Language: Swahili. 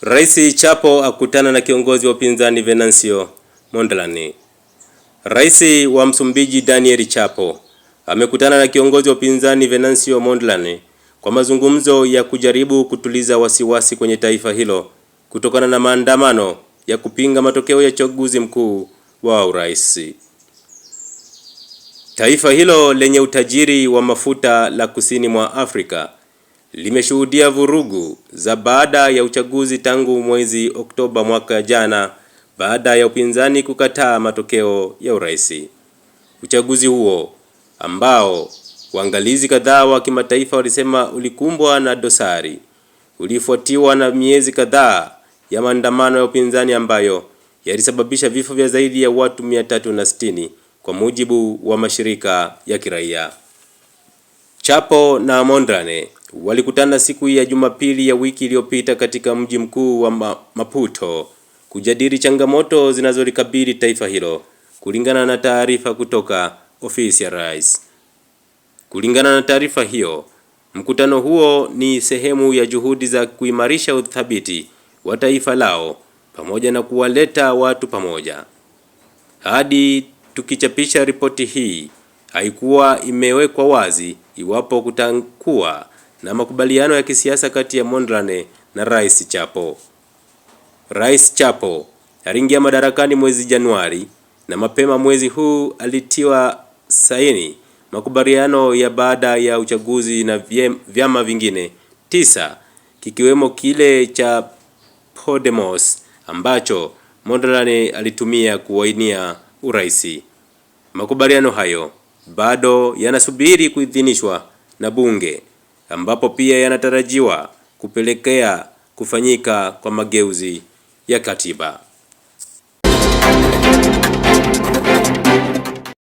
Rais Chapo akutana na kiongozi wa upinzani Venancio Mondlane. Rais wa Msumbiji Daniel Chapo amekutana na kiongozi wa upinzani Venancio Mondlane kwa mazungumzo ya kujaribu kutuliza wasiwasi kwenye taifa hilo kutokana na maandamano ya kupinga matokeo ya uchaguzi mkuu wa urais. Taifa hilo lenye utajiri wa mafuta la kusini mwa Afrika limeshuhudia vurugu za baada ya uchaguzi tangu mwezi Oktoba mwaka jana baada ya upinzani kukataa matokeo ya urais. Uchaguzi huo ambao waangalizi kadhaa wa kimataifa walisema ulikumbwa na dosari, ulifuatiwa na miezi kadhaa ya maandamano ya upinzani ambayo yalisababisha vifo vya zaidi ya watu 360 kwa mujibu wa mashirika ya kiraia. Chapo na Mondrane walikutana siku ya Jumapili ya wiki iliyopita katika mji mkuu wa Maputo kujadili changamoto zinazolikabili taifa hilo kulingana na taarifa kutoka ofisi ya rais. Kulingana na taarifa hiyo, mkutano huo ni sehemu ya juhudi za kuimarisha uthabiti wa taifa lao pamoja na kuwaleta watu pamoja. Hadi tukichapisha ripoti hii, haikuwa imewekwa wazi iwapo kutakuwa na makubaliano ya kisiasa kati ya Mondlane na Rais Chapo. Rais Chapo aliingia madarakani mwezi Januari na mapema mwezi huu alitiwa saini makubaliano ya baada ya uchaguzi na vyama vingine tisa kikiwemo kile cha Podemos ambacho Mondlane alitumia kuwainia uraisi. Makubaliano hayo bado yanasubiri kuidhinishwa na bunge ambapo pia yanatarajiwa kupelekea kufanyika kwa mageuzi ya katiba.